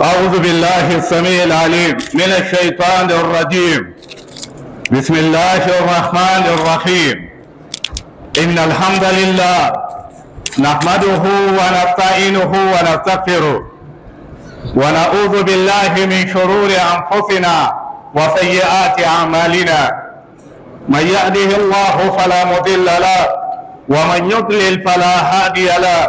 أعوذ بالله السميع العليم من الشيطان الرجيم بسم الله الرحمن الرحيم إن الحمد لله نحمده ونستعينه ونستغفره ونعوذ بالله من شرور أنفسنا وسيئات أعمالنا من يهده الله فلا مضل له ومن يضلل فلا هادي له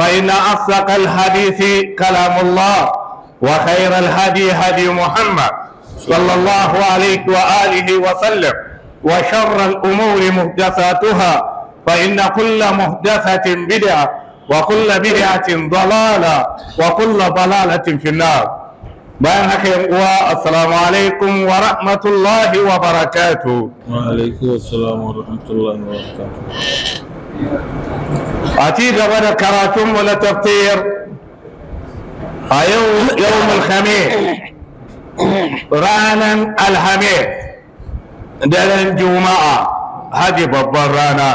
فإن أصدق الحديث كلام الله وخير الهدي هدي محمد صلى الله عليه وآله وسلم وشر الأمور محدثاتها فإن كل محدثة بدعة وكل بدعة ضلالة وكل ضلالة في النار بينك السلام عليكم ورحمة الله وبركاته وعليكم السلام ورحمة الله وبركاته a ci gaba da karatunmu na tafsir a yau yawmul khamis ranan alhamis daren juma'a haji babban rana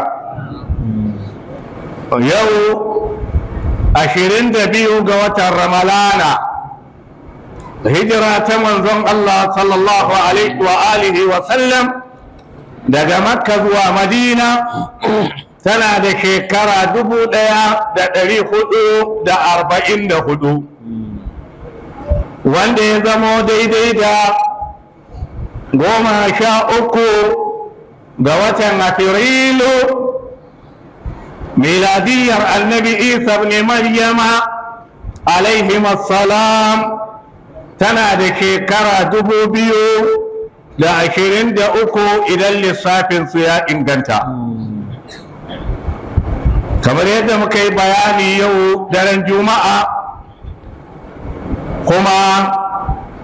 yau ashirin da biyu ga watan ramalana hijira ta manzon Allah sallallahu alaihi wa alihi wa sallam daga makka zuwa madina tana da shekara dubu ɗaya da ɗari hudu da arba'in da hudu wanda ya zamo daidai da goma sha uku ga watan afirilu miladiyar annabi isa ne maryama alaihimassalam tana da shekara dubu biyu da ashirin da uku idan lissafinsu ya inganta kamar yadda muka yi bayani yau daren juma'a kuma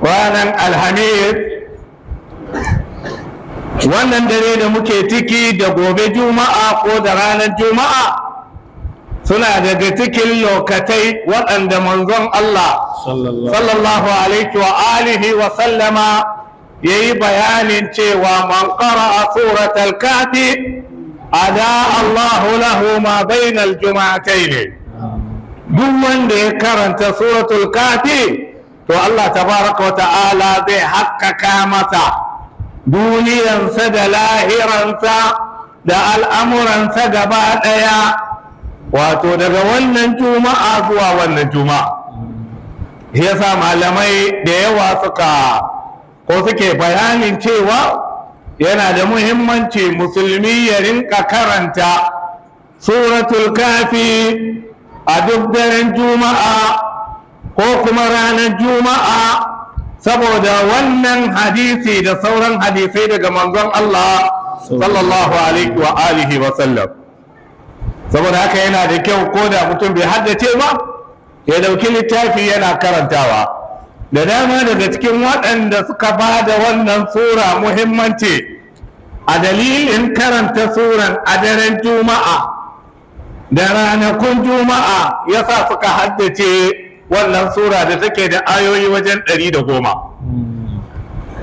ranar alhamis wannan dare da muke ciki da gobe juma'a ko da ranar juma'a suna daga cikin lokatai waɗanda manzon Allah sallallahu alaihi wa alihi wa sallama ya yi bayanin cewa man qara'a suratul kafi ada Allahu lahu ma bainal ne. duk wanda ya karanta suratul kafi to Allah tabaraka wa ta'ala zai haƙƙaƙa masa duniyarsa da lahiransa da al'amuransa gaba ɗaya wato daga wannan juma'a zuwa wannan juma'a yasa malamai da yawa suka ko suke bayanin cewa yana da muhimmanci musulmi ya rinka karanta suratul kafi a duk daren juma'a ko kuma ranar juma'a saboda wannan hadisi da sauran hadisai daga manzon Allah sallallahu alaihi wa alihi wa sallam saboda haka yana da kyau ko da mutum bai haddace ba ya dauki littafi yana karantawa da dama daga cikin waɗanda suka ba da wannan sura muhimmanci a dalilin karanta suran a daren juma'a da ranakun juma'a ya sa suka haddace wannan sura da take da ayoyi wajen ɗari da goma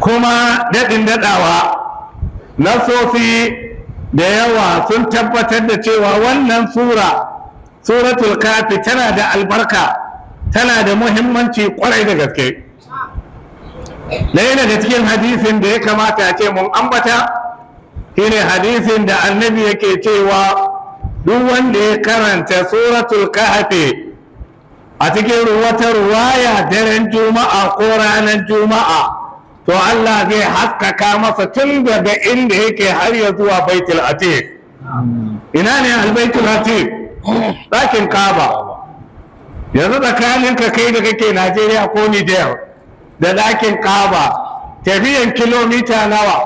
kuma daɗin daɗawa nasofi da yawa sun tabbatar da cewa wannan sura suratul kafi tana da albarka tana da muhimmanci kwarai da gaske ɗaya daga cikin hadisin da ya kamata ce mun ambata shine hadisin da annabi yake cewa duk wanda ya karanta suratul kahfi a cikin wata ruwaya daren juma'a ko ranar juma'a to Allah zai haskaka masa tun daga inda yake har ya zuwa baitul atik ina ne albaitul atik ɗakin kaba yanzu tsakanin ka kai da kake najeriya ko nijar da ɗakin kaba tafiyan kilomita nawa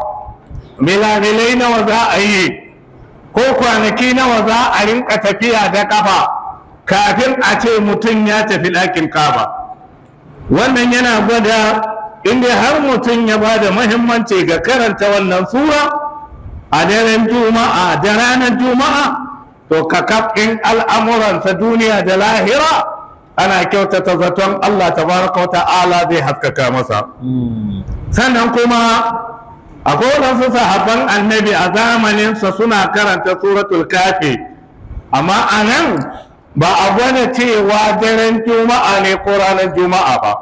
milamilai nawa za a yi ko kwanaki nawa za a rinka tafiya da kafa kafin a ce mutum ya tafi ɗakin kaba wannan yana gwada inda har mutum ya ba da mahimmanci ga karanta wannan sura a daren juma'a da ranar juma'a to ka kafin al'amuransa duniya da lahira ana kyautata zaton Allah tabaraka wa ta'ala zai haskaka masa sannan kuma akwai waɗansu sahabban annabi a zamaninsa suna karanta suratul kafi amma a nan ba a gwada cewa daren juma'a ne ko ranar juma'a ba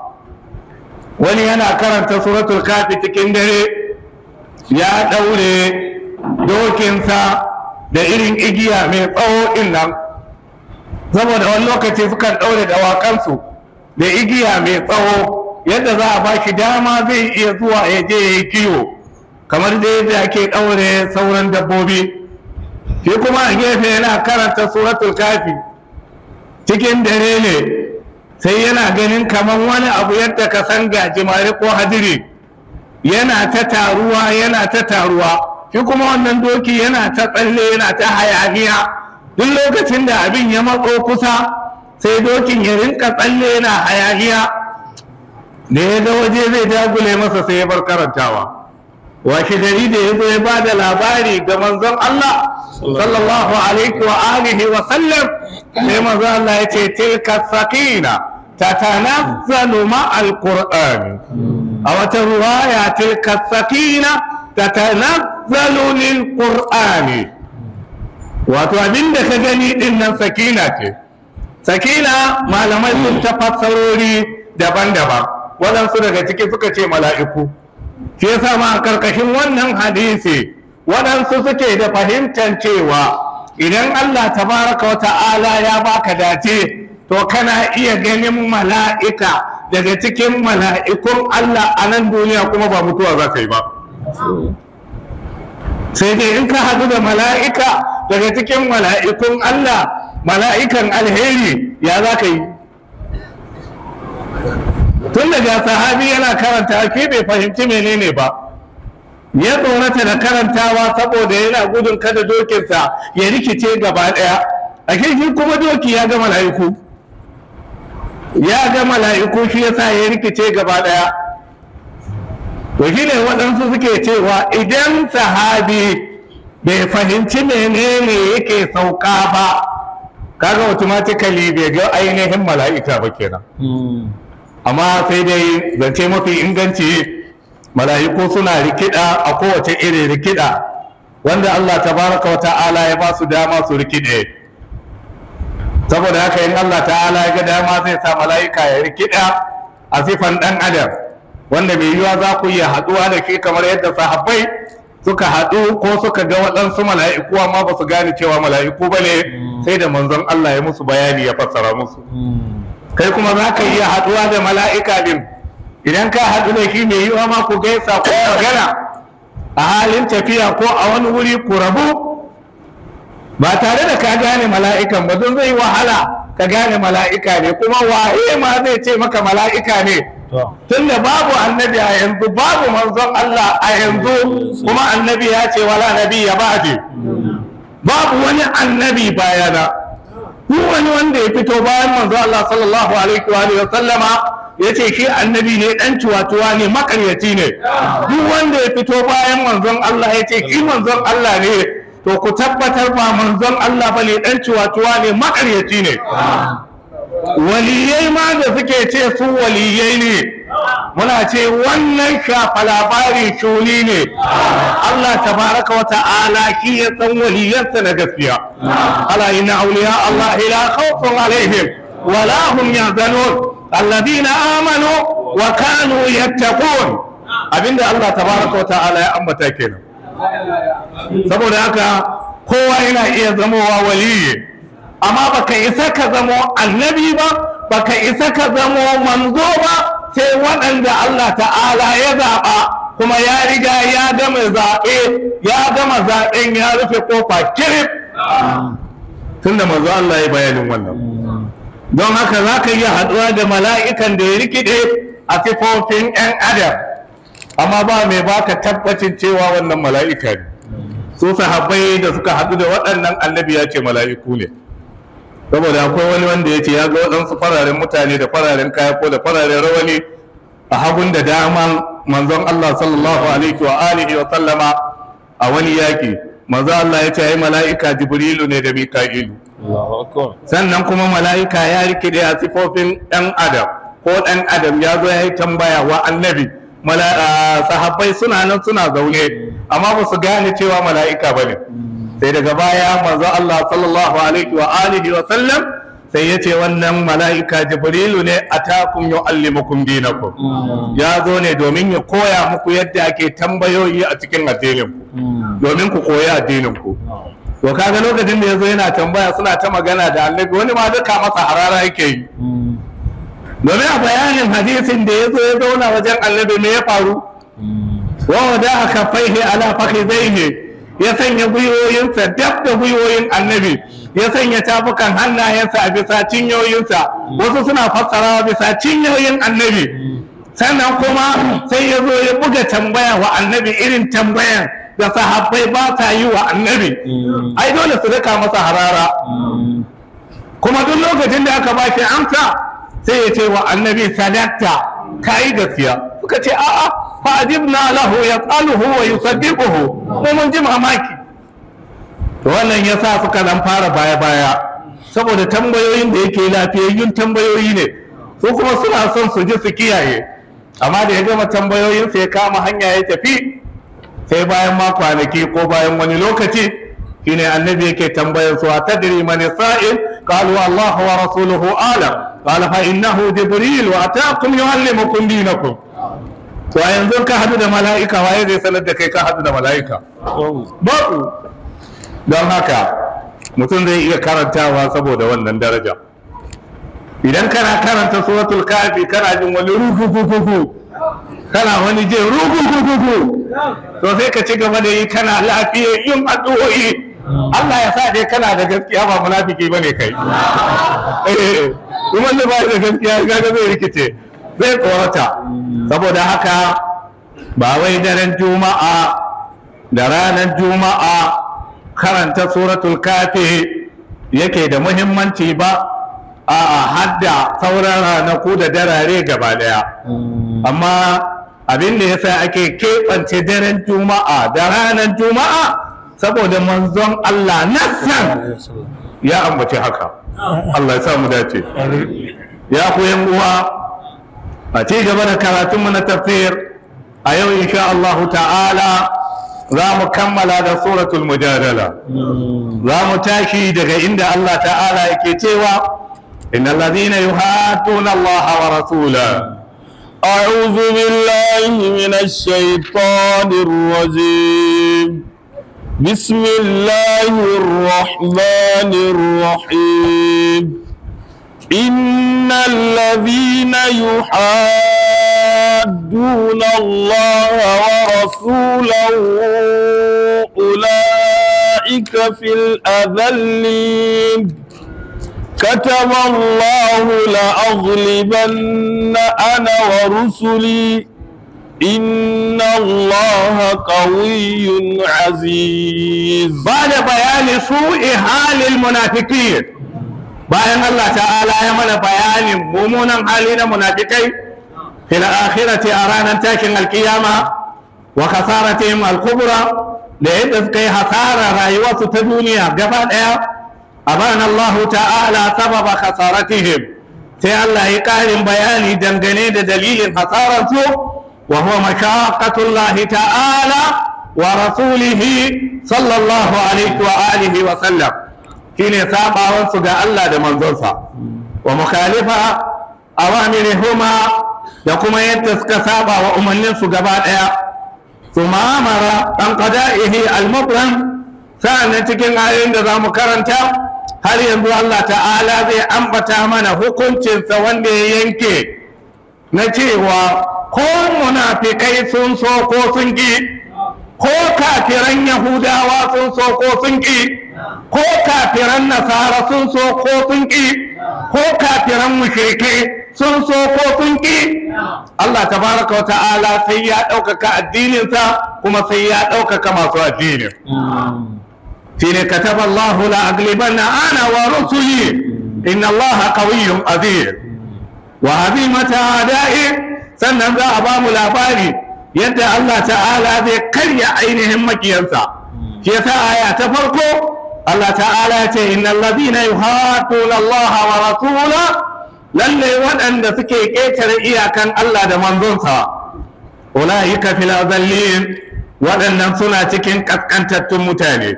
wani yana karanta suratul kafi cikin dare ya ɗaure dokinsa da irin igiya mai tsawo nan saboda wani lokaci sukan ɗaure dawakansu da igiya mai tsawo yadda za a ba shi dama zai iya zuwa ya je ya yi kiwo kamar da yadda ake ɗaure sauran dabbobi shi kuma a gefe yana karanta suratul kafi cikin dare ne sai yana ganin kamar wani abu yadda ka san gajimare ko hadiri yana ta taruwa yana ta taruwa shi kuma wannan doki yana ta tsalle yana ta hayaniya duk lokacin da abin ya matso kusa sai dokin ya rinka tsalle yana hayaniya da ya ga waje zai dagule masa sai ya bar karantawa washe gari da ya zo ya ba da labari ga manzon Allah sallallahu alaihi wa alihi wa sallam sai manzon Allah ya ce tilka sakina تتنزل A wata أو رواية تلك السكينة تتنزل للقرآن wato abin da ka gani din nan sakina ce sakina malamai sun tafasarori daban-daban waɗansu daga ciki suka ce mala'iku shi sama a ƙarƙashin wannan hadisi waɗansu suke da fahimtar cewa idan Allah tabaraka wa ta'ala ya baka dace to kana iya ganin mala'ika daga cikin mala'ikun Allah a nan duniya kuma ba mutuwa za ka yi ba sai dai in ka haɗu da mala'ika daga cikin mala'ikun Allah mala'ikan alheri ya za ka yi tun daga sahabi yana karanta ke bai fahimci menene ba ya tsorata da karantawa saboda yana gudun kada dokinsa ya rikice gaba daya a shi kuma doki ya ga mala'iku ya ga mala'iku shi yasa ya rikice gaba daya to ne waɗansu suke cewa idan sahabi bai fahimci menene yake sauka ba kaga automatically bai ga ainihin mala'ika ba kenan hmm. amma sai dai zance mafi inganci mala'iku suna rikida a kowace irin rikida wanda Allah tabaraka wa ta'ala ya ba su dama su rikide saboda haka in Allah ta'ala ya ga dama zai sa mala'ika ya rikida a sifan dan adam wanda mai yiwa za ku iya haduwa da shi kamar yadda sahabbai suka haɗu ko suka ga waɗansu mala'iku amma ba su gane cewa mala'iku ba ne sai da manzon Allah ya musu bayani ya fassara musu kai kuma za ka iya haɗuwa da mala'ika din idan ka haɗu da shi mai yiwa ma ku gaisa ko magana a halin tafiya ko a wani wuri ku rabu ba tare da ka gane mala'ikan ba don zai wahala ka gane mala'ika ne kuma waye ma zai ce maka mala'ika ne tunda babu annabi a yanzu babu manzon Allah a yanzu kuma annabi ya ce wala nabi ya ba'di babu wani annabi bayana duk wani wanda ya fito bayan manzo Allah sallallahu alaihi wa sallama ya ce shi annabi ne dan ciwatuwa ne makaryaci ne duk wanda ya fito bayan manzon Allah ya ce shi manzon Allah ne to ku tabbatar ba manzon Allah bane dan ciwatuwa ne makaryaci ne waliyai ma da suke ce su waliyai ne muna ce wannan shafa labari shuni ne Allah tabaraka wa ta'ala shi ya san waliyarsa na gaskiya ala inna awliya Allah ila khawfun alaihim wala hum yahzanun alladhina amanu wa kanu yattaqun abinda Allah ta tabaraka wa ta'ala ya ambata kenan saboda haka kowa yana iya zamowa waliyi amma baka isa ka zamo annabi ba baka isa ka zamo manzo ba sai waɗanda Allah ta'ala ya zaɓa kuma ya riga ya gama zaɓe ya gama zaɓen ya rufe kofa kirif tunda manzo Allah ya bayanin wannan don haka za ka iya haɗuwa da mala'ikan da ya rikide a sifofin 'yan adam amma ba mai baka tabbacin cewa wannan mala'ika ne su sahabbai da suka haɗu da waɗannan annabi ya ce mala'iku ne saboda akwai wani wanda ya ce ya ga waɗansu fararen mutane da fararen kaya ko da fararen rawani a hagun da dama manzon Allah sallallahu alaihi wa alihi wa sallama a wani yaki manzon Allah ya ce ai mala'ika jibrilu ne da mika'ilu sannan kuma mala'ika ya da a sifofin ɗan adam ko ɗan adam ya zo ya yi tambaya wa annabi sahabbai suna nan suna zaune amma ba su gane cewa mala'ika ba ne sai daga baya manzo Allah sallallahu alaihi wa alihi wa sallam sai ya ce wannan mala'ika jibrilu ne atakum yu'allimukum dinakum ya zo ne domin ya koya muku yadda ake tambayoyi a cikin addinin ku domin ku koyi addinin ku to kaga lokacin da yazo yana tambaya suna ta magana da annabi wani ma duka masa harara yake yi domin a bayanin hadisin da yazo ya zauna wajen annabi me ya faru wa wada aka faihi ala fakhidaihi ya sanya gwiwoyinsa daf da gwiwoyin annabi ya sanya tafukan hannayensa a bisa cinyoyinsa wasu suna fassarawa bisa cinyoyin annabi sannan kuma sai ya zo ya buga tambaya wa annabi irin tambayan da sahabbai ba sa yi wa annabi ai dole su daka masa harara kuma duk lokacin da aka ba shi amsa sai ya ce wa annabi sadakta ka yi gaskiya suka ce a'a fa ajibna lahu yas'aluhu wa yusaddiquhu ko mun ji mamaki to wannan yasa suka dan fara baya baya saboda tambayoyin da yake lafiyayyun tambayoyi ne su kuma suna son su ji su kiyaye amma da ya gama tambayoyin sai kama hanya ya tafi sai bayan ma kwanaki ko bayan wani lokaci shine annabi yake tambayar su a tadiri man sa'il qalu Allah wa rasuluhu alam qala fa innahu jibril wa ataqum yuallimukum dinakum Wa yanzu ka hadu da mala'ika waye zai sanar da kai ka hadu da mala'ika babu don haka mutum zai iya karantawa saboda wannan daraja idan kana karanta suratul kafi kana jin wani rukukukuku kana wani je rukukukuku to sai ka ci gaba da yi kana lafiya yin addu'o'i Allah ya sa dai kana da gaskiya ba munafiki bane kai eh kuma ne ba da gaskiya ga zai rikice zai tsorata saboda haka ba wai daren juma'a da ranar juma'a karanta suratul kafi yake da muhimmanci ba a hadda sauran ranaku da darare gaba daya amma abin da ya yasa ake keɓance daren juma'a da ranar juma'a saboda manzon Allah nassan ya ambaci haka Allah ya samu dace ya koyan uwa a ci gaba da karatunmu na tafsir a yau insha Allah ta'ala za mu kammala da suratul mujadala za mu tashi daga inda Allah ta'ala yake cewa innal ladhina yuhadduna Allah wa rasula أعوذ بالله من الشيطان الرجيم بسم الله الرحمن الرحيم إن الذين يحادون الله ورسوله أولئك في الأذلين كتب الله لأغلبن أنا ورسلي إن الله قوي عزيز بعد بيان سوء حال المنافقين bayan Allah ta'ala ya mana bayanin mummunan hali na munafikai fil akhirati a ranar takin alkiyama wa kasaratihim al-kubra da yadda suka yi hasara rayuwarsu ta duniya gaba daya abana Allah ta'ala sababa kasaratihim sai Allah ya karin bayani dangane da dalilin hasararsu wa huwa mashaqatullah ta'ala wa rasulihi sallallahu alaihi wa alihi wa sallam shine sabawan su ga Allah da manzonsa wa mukhalifa awamirihuma da kuma yadda suka saba wa umarninsu su gaba daya thumma amara an qada'ihi al-mubram cikin ayoyin da zamu karanta har yanzu Allah ta'ala zai ambata mana hukuncinsa wanda ya yanke na cewa ko munafikai sun so ko sun ƙi ko kafiran yahudawa sun so ko sun ko kafiran nasara sun so ko sun ƙi ko kafiran mushrike sun so ko sun ƙi Allah tabaraka wa ta'ala sai ya ɗaukaka addininsa kuma sai ya ɗaukaka masu addinin shine kataba Allah la aglibanna ana wa rusuli inna Allah qawiyyun azim wa azimata ada'i sannan za a ba mu labari yadda Allah ta'ala zai karya ainihin makiyansa shi yasa aya ta farko Allah ta'ala ya ce innal ladina yuhadduna Allah wa rasula lalle waɗanda suke ƙetare iyakan Allah da manzonsa ulaika fil azallin waɗannan suna cikin kaskantattun mutane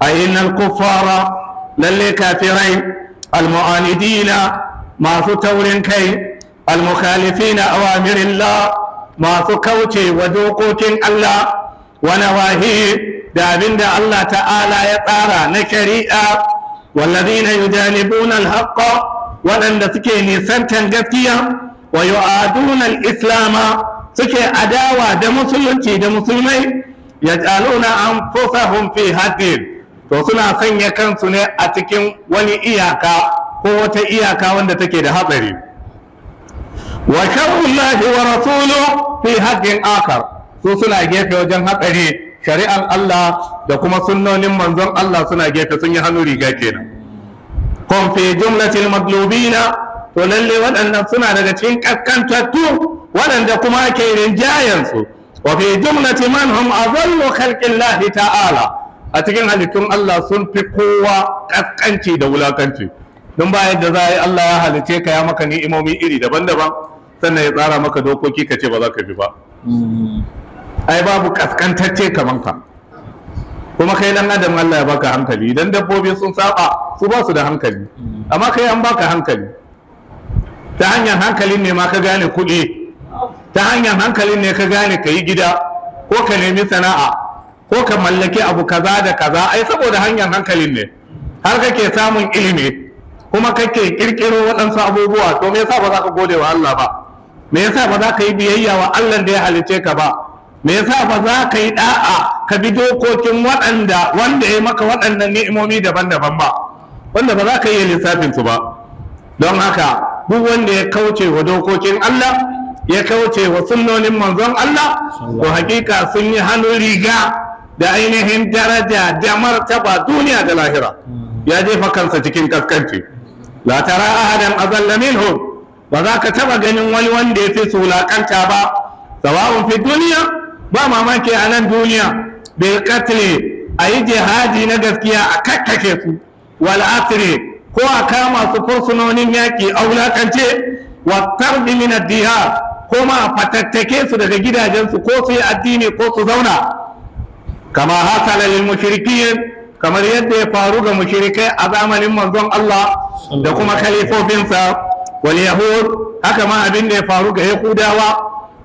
a innal kuffara lalle kafirai almu'anidina masu taurin kai almukhalifina awamirillah masu kauce wa dokokin Allah wani wahi da abin da Allah ta'ala ya tsara na shari'a wallazina yujanibuna al-haqqa waɗanda suke nisantan gaskiya wa yu'aduna islama suke adawa da musulunci da musulmai yaj'aluna anfusahum fi haddin to suna sanya kansu ne a cikin wani iyaka ko wata iyaka wanda take da hatsari wa sharrullahi wa rasuluhu fi haddin akar su suna gefe wajen hatsari shari'ar Allah da kuma sunnonin manzon Allah suna gefe sun yi hannu riga kenan kun fi jumlatil madlubina to lalle waɗannan suna daga cikin kaskantattu waɗanda kuma ake rinjayen su wa fi jumlati man hum azallu lahi ta'ala a cikin halittun Allah sun fi kowa kaskanci da wulakanci don ba yadda za a yi Allah ya halice ka ya maka ni'imomi iri daban-daban sannan ya tsara maka dokoki ka ce ba za ka fi ba mm. ai babu kaskantacce kaman ka kuma kai dan adam Allah ya baka hankali idan dabbobi sun saba su ba su da hankali amma kai an baka hankali ta hanyar hankalin ne ma ka gane kuɗi ta hanyar hankalin ne ka gane ka yi gida ko ka nemi sana'a ko ka mallaki abu kaza da kaza ai saboda hanyar hankalin ne har kake samun ilimi kuma kake kirkiro waɗansu abubuwa to me yasa ba za ka gode wa Allah ba me yasa ba za ka yi biyayya wa Allah da ya halice ka ba me yasa ba za ka yi da'a ka bi dokokin waɗanda wanda ya maka waɗannan ni'imomi daban-daban ba wanda ba za ka iya lissafin su ba don haka duk wanda ya kauce wa dokokin Allah ya kauce wa sunnonin manzon Allah to hakika sun yi hannun riga da ainihin daraja da martaba duniya da lahira ya jefa kansa cikin kaskanci la tara ahadan azalla minhum ba za ka taba ganin wani wanda ya fi su wulakanta ba sawa'un fi duniya ba mamaki a nan duniya bil qatli a yi jihadi na gaskiya a kakkake su wal asri ko a kama su fursunonin yaƙi a wulaƙance wa tarbi min ko ma a fatattake su daga gidajensu ko su yi addini ko su zauna kama hasala lil mushrikin kamar yadda ya faru ga mushrikai a zamanin manzon Allah da kuma kalifofinsa wal yahud haka ma abin da ya faru ga yahudawa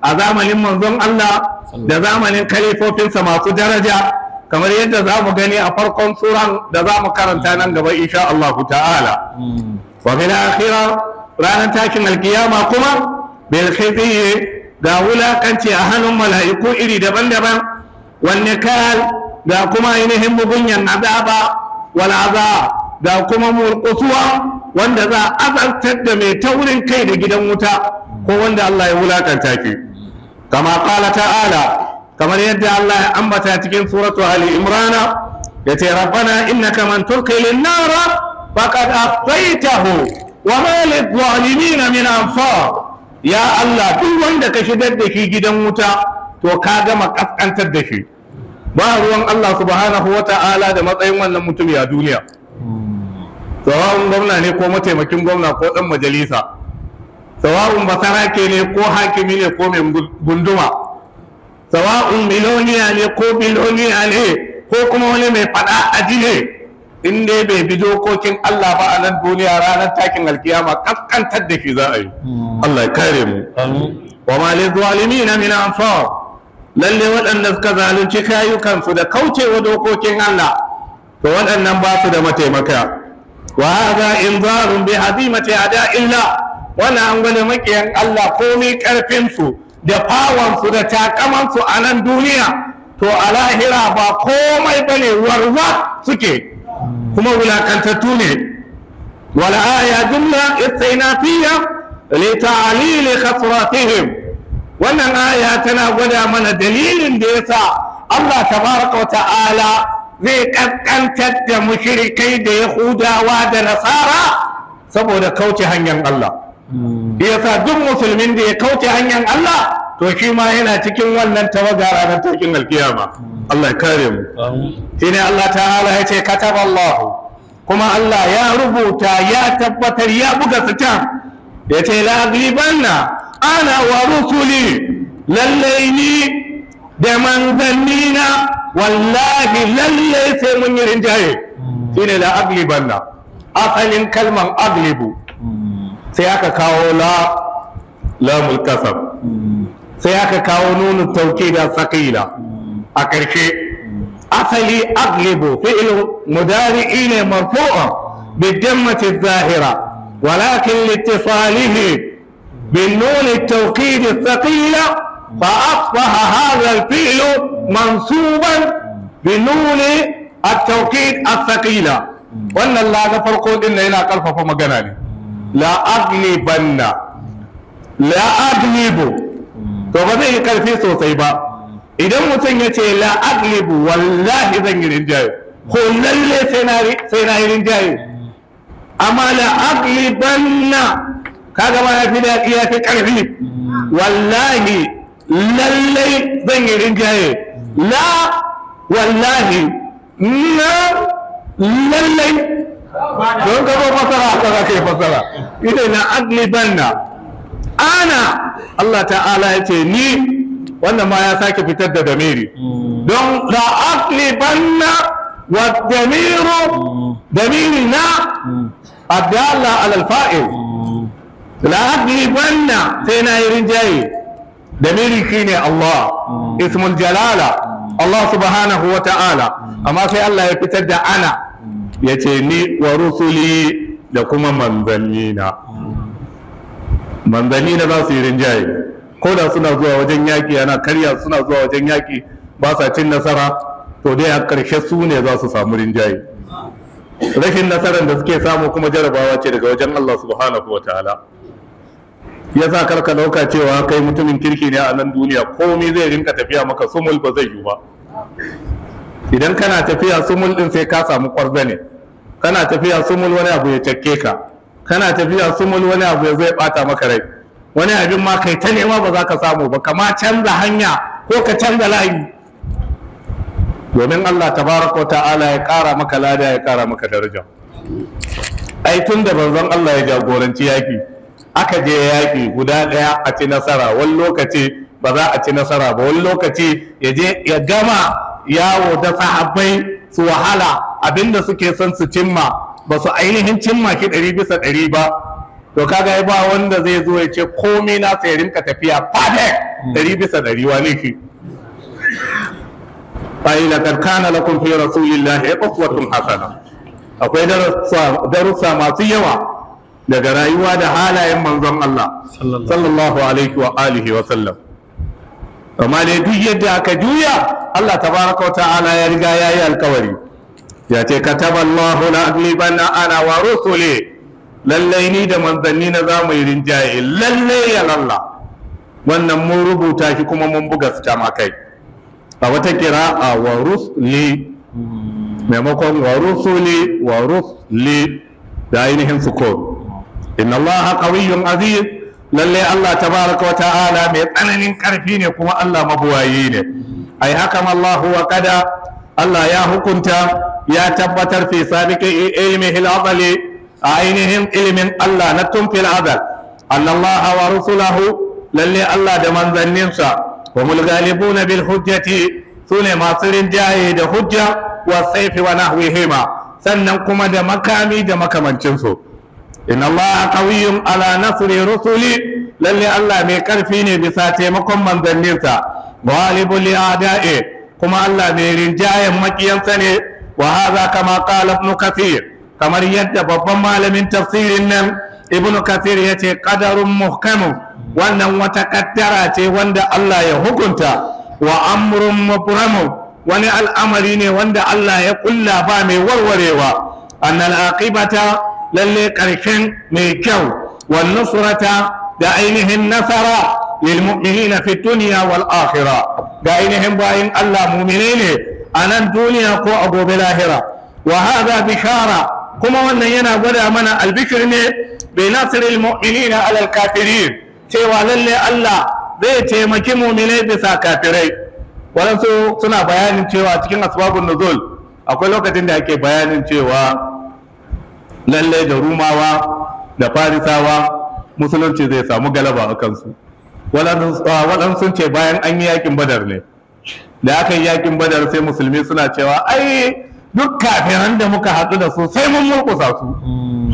a zamanin manzon Allah da zamanin kalifofinsa masu daraja kamar yadda za mu gani a farkon suran da za mu karanta nan gaba insha Allah ta'ala hmm. wa fil akhira ranar takin alkiyama kuma bil ga wulakanci a hannun mala'iku iri daban-daban wanne kal ga kuma ainihin mugunyan azaba wal azab ga kuma murkusuwa wanda za a azartar da mai taurin kai da gidan wuta ko wanda Allah ya wulakanta ki kama qala ta'ala kamar yadda Allah ya ambata cikin suratu ali imrana yace rabbana innaka man tulqil an-nara faqad aqtaitahu wa ma lidh-dhalimin min anfar ya Allah duk wanda ka shigar da shi gidan wuta to ka gama kaskantar da shi ba ruwan Allah subhanahu wa ta'ala da matsayin wannan mutum a duniya tsawon gwamna ne ko mataimakin gwamna ko ɗan majalisa sawa'un ke ne ko hakimi ne ko mai gunduma sawa'un miloniya ne ko biloniya ne ko kuma wani mai fada aji ne in dai bai bi dokokin Allah ba a nan duniya ranar takin alkiyama kaskantar da shi za a yi Allah kare mu wa ma lil zalimin min ansar lalle waɗanda suka zalunci su da kaucewa dokokin Allah to waɗannan ba su da mataimaka wa hadha inzarun bi da ada'illah wannan an gwada makiyan Allah komai ƙarfinsu da fawansu da takamansu a nan duniya to a lahira ba komai bane warwa suke kuma wulakantattu ne Wala aya jumla fiya li ta'lil khasratihim wannan aya tana gwada mana dalilin da yasa Allah tabaraka wa ta'ala zai kaskantar da mushrikai da yahudawa da nasara saboda kauce hanyar Allah yasa duk musulmin da ya kauce hanyar Allah to shi ma yana cikin wannan tawaga ranar takin alkiyama Allah ya kare mu Allah ta'ala ya ce kataballahu kuma Allah ya rubuta ya tabbatar ya buga sitam ya ce la ghibanna ana wa rusuli lallai ni da na wallahi lallai sai mun yi rinjaye hmm. shine la aglibanna asalin kalman aglibu sai aka kawo la lamul kasab sai aka kawo nunu tauke da sakila a ƙarshe asali aglibu fi'il mudari'i ne marfu'a بالدمة الظاهرة ولكن لاتصاله بالنون التوكيد الثقيلة فأصبح هذا الفعل منصوبا بنون التوكيد الثقيلة وأن الله فرقوا إن إلى قلب فما جناني la aglibanna la aglibu to ba zai yi karfi sosai ba idan mutum ya ce la aglibu wallahi zan yi rinjaye ko lalle sai na yi rinjaye amma la aglibanna ka ma ya fi daɗi ya fi karfi wallahi lallai zan yi rinjaye la wallahi na lallai don ka zo fasara haka za ka yi fasara ita na aglibanna ana Allah ta'ala ya ce ni wannan ma ya sake fitar da damiri don la aglibanna wa damiru damiri na abdalla alal fa'il la aglibanna sai na yi rinjaye damiri shine Allah ismul jalala Allah subhanahu wa ta'ala amma sai Allah ya fitar da ana ya ce ni wa rusuli da kuma manzannina manzannina za su yi rinjaye ko da suna zuwa wajen yaƙi yana karya suna zuwa wajen yaki, ba sa cin nasara to dai a ƙarshe su ne za su samu rinjaye rashin nasarar da suke samu kuma jarabawa ce daga wajen Allah subhanahu wa ta'ala ya sa karka dauka cewa kai mutumin kirki ne a nan duniya komai zai rinka tafiya maka sumul ba zai yi ba idan kana tafiya sumul din sai ka samu kwarza ne kana tafiya sumul wani abu ya take ka kana tafiya sumul wani abu ya zai bata maka rai wani abin ma kai ta nema ba za ka samu ba kama canza hanya ko ka canza layi domin Allah tabaraka ta'ala ya kara maka lada ya kara maka daraja ai tun da banzan Allah ya jagoranci yaki aka je yaki guda daya a ci nasara wani lokaci ba za a ci nasara ba wani lokaci ya je ya gama yawo da sahabbai su wahala abinda suke son su cimma ba su ainihin cimma ki ɗari bisa ɗari ba to kaga ba wanda zai zo ya ce komai na sai rinka tafiya perfect ɗari bisa ɗari wa na ki ai laqad kana lakum fi rasulillahi uswatun hasana akwai darussa masu yawa daga rayuwa da halayen manzon Allah sallallahu alaihi wa alihi wa sallam amma dai duk yadda aka juya Allah tabaraka wa ta'ala ya riga ya yi alkawari ya ce kataballahu la aglibanna ana wa rusuli lallai ni da manzanni na za mu yi rinjaye lallai ya lalla wannan mun rubuta shi kuma mun buga su ma kai a wata kira a wa rusuli maimakon wa rusuli wa rusuli da ainihin sukun inna allaha qawiyyun aziz lallai allah tabaraka wa ta'ala mai tsananin karfi ne kuma allah mabuwayi ne ai haka allahu wa kada Allah ya hukunta ya tabbatar fi sabiqi ilmihi azali a ainihin ilimin Allah na tumfil azal Allah wa rusulahu lalle Allah da manzanninsa humul ghalibuna bil hujjati sune masu rinjaye da hujja wa saifi wa nahwihima sannan kuma da makami da makamancinsu inna allaha qawiyyun ala nasri rusuli lalle Allah mai karfi ne bisa taimakon manzanninsa ghalibul li a'da'i kuma Allah mai rinjayen makiyansa ne wa haza kama qala ibn kathir kamar yadda babban malamin tafsirin nan ibn kathir yace qadarun muhkamu wannan wata kaddara ce wanda Allah ya hukunta wa amrun wani al'amari ne wanda Allah ya kulla ba mai warwarewa annal aqibata lalle karshen mai kyau wal nusrata da ainihin nasara lil mu'minina fi dunya wal akhirah ga ainihin bayin Allah mumine ne a nan duniya ko a gobe lahira wa hadha bishara kuma wannan yana gwada mana albishir ne bai bi nasril mu'minina ala kafiri cewa lalle Allah zai taimaki mumine bisa kafirai waɗansu suna bayanin cewa cikin asbabun nuzul akwai lokacin da ake bayanin cewa lalle da rumawa da farisawa musulunci zai samu galaba a kansu waɗansu ah, ce bayan an yi yakin badar ne da aka yi yakin badar sai musulmi suna cewa ai duk kafiran da muka haɗu da su sai mun murkusa su hmm.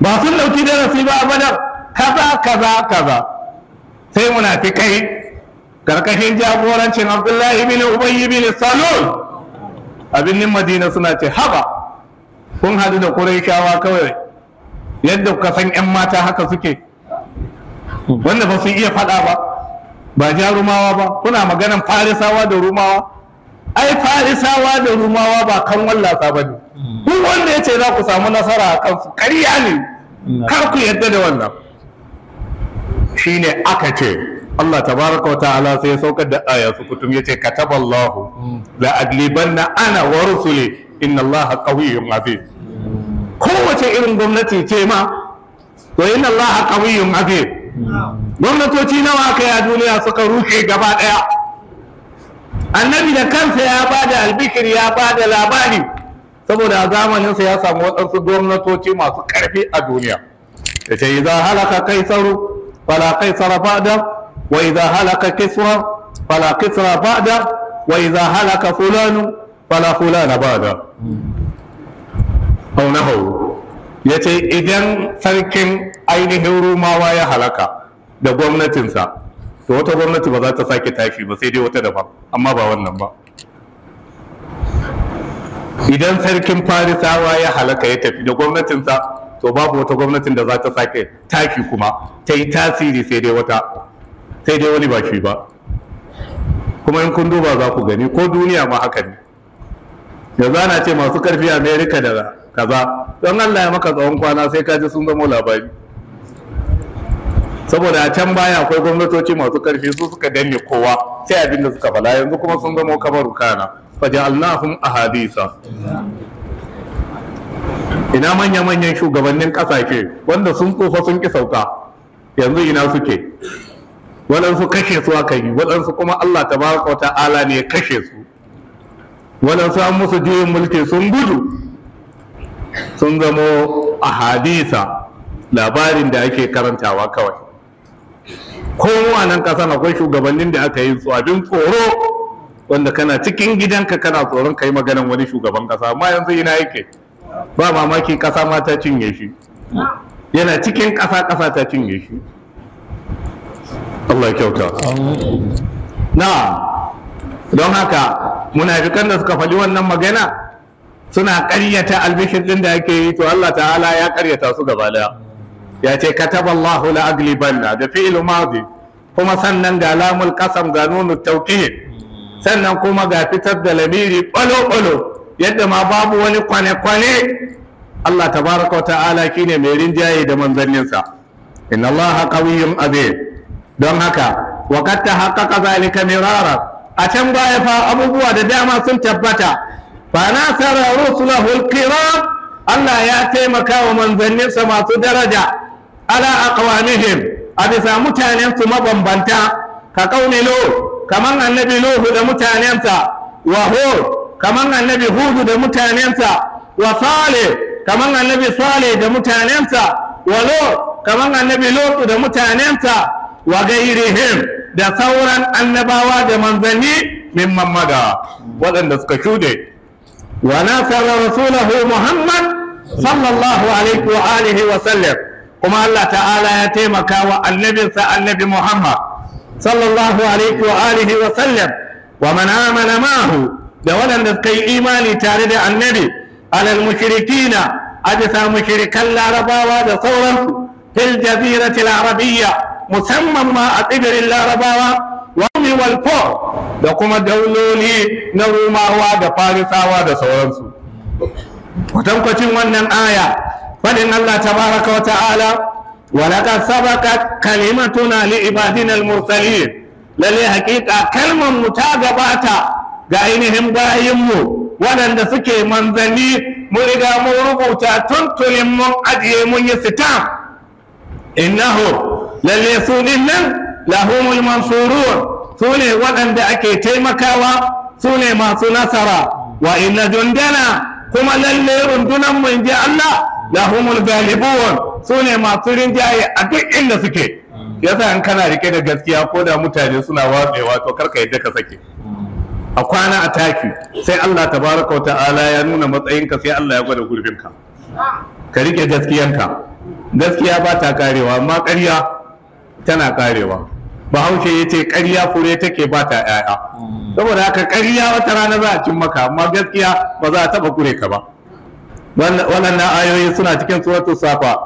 ba sun ɗauki darasi ba a badar kaza kaza kaza sai muna fi kai, karkashin jagorancin abdullahi bin ubayi bin salul abin madina suna ce haba kun haɗu da kuraishawa kawai yadda ka san yan mata haka suke wanda ba su iya faɗa ba ba jarumawa ba kuna maganan farisawa da rumawa ai farisawa da rumawa ba kan wallasa ba ne duk wanda ya ce za ku samu nasara a kansu ƙarya ne kar ku yarda da wannan Shi ne aka ce Allah tabaraka wa ta'ala sai ya saukar da aya su kutum yace kataballahu la aglibanna ana wa rusuli inna Allah qawiyyun aziz kowace irin gwamnati ce ma to inna Allah qawiyyun aziz gwamnatoci nawa aka yi a duniya suka rushe gaba ɗaya annabi da kansa ya ba da albikir ya ba da labari saboda a zamaninsa ya samu waɗansu gwamnatoci masu ƙarfi a duniya da ce iza halaka kaisaru fala kaisara fada wa iza halaka kisra fala kisra fada wa iza halaka fulanu fala fulana ba'da na hau. ya ce idan sarkin ainihin rumawa ya halaka da gwamnatinsa to wata gwamnati ba za ta sake tashi ba sai dai wata daban amma ba wannan ba idan sarkin farisawa ya halaka ya tafi da gwamnatinsa to babu wata gwamnatin da za ta sake tashi kuma ta yi tasiri sai dai wata sai dai wani ba shi ba kuma in kun duba za ku gani ko duniya ma haka ne yanzu ana ce masu karfi amerika da kaza don Allah ya maka tsawon kwana sai ka ji sun zama labari saboda a can baya akwai gwamnatoci masu karfi su suka danne kowa sai abin da suka bala yanzu kuma sun zama kamar kana faja'alnahum ahadisa ina manya-manyan shugabannin kasashe wanda sun tsufa sun ki sauka yanzu ina suke waɗansu kashe su aka yi waɗansu kuma Allah tabaraka wa ta'ala ne ya kashe su waɗansu an musu juyin mulki sun gudu sun zamo a hadisa labarin da ake karantawa kawai kowa nan kasan akwai shugabannin da aka yi su abin tsoro wanda kana cikin gidanka kana tsoron ka yi maganan wani shugaban kasa amma yanzu ina yake ba mamaki kasa ma ta cinye shi yana cikin kasa kasa ta cinye shi Allah kyauta na don haka munafikan da suka faɗi wannan magana suna ƙaryata albishir din da ake yi to Allah ta'ala ya ƙaryata su gaba daya ya ce kataba Allahu la aglibanna da fi'il madi kuma sannan ga lamul qasam ga nunu tawqih sannan kuma ga fitar da lamiri balo balo yadda ma babu wani kwane kwane Allah tabaraka ta'ala kine mai rinjaye da manzanninsa inna Allah qawiyyun azim don haka wa qad tahaqqaqa zalika mirara a can baya fa abubuwa da dama sun tabbata fa nasara rusulahu alkiram Allah ya taimaka wa manzanninsa masu daraja ala aqwamihim a bisa mutanensu mabambanta ka kauni lo kaman annabi Nuhu da mutanensa wa hur kaman annabi Hudu da mutanensa wa Salih kaman annabi Salih da mutanensa wa Lut kaman annabi Lut da mutanensa wa gairihim da sauran annabawa da manzanni mimman maga waɗanda suka shude ونصر رسوله محمد صلى الله عليه وآله وسلم كما الله تعالى يتيمك والنبي النبي محمد صلى الله عليه وآله وسلم ومن آمن معه دولا نسكي إيماني تارد النبي على المشركين أجسى مشركا لا رباوة دصورا في الجزيرة العربية مسمى ما أتبر الله رباوة rumi wal da kuma dauloli na rumawa da farisawa da sauransu Wata-kwacin wannan aya faɗin allah tabaraka wa ta'ala kalimatuna li tunani, al mursalin lalle hakika kalman mu ta gabata ga ainihin bayin mu waɗanda suke manzani mu riga mun rubuta tuntunin mun ajiye mun yi sita innahu lalle su nan lahumul mansurun su ne waɗanda ake taimakawa su ne masu nasara wa inna jundana kuma lalle rundunan mu inji Allah humul galibun su ne masu rinjaye a duk inda suke yasa in kana rike da gaskiya ko da mutane suna watsewa to karka yadda ka sake a kwana a taki sai Allah tabaraka wa ta'ala ya nuna matsayinka sai Allah ya gwada gurbinka ka rike gaskiyanka gaskiya ba ta karewa amma ƙarya tana karewa bahaushe ya ce ƙarya fure take bata ta ƴaƴa saboda haka ƙarya wata rana za a cin maka amma gaskiya ba za taɓa kure ka ba waɗannan ayoyi suna cikin suratu safa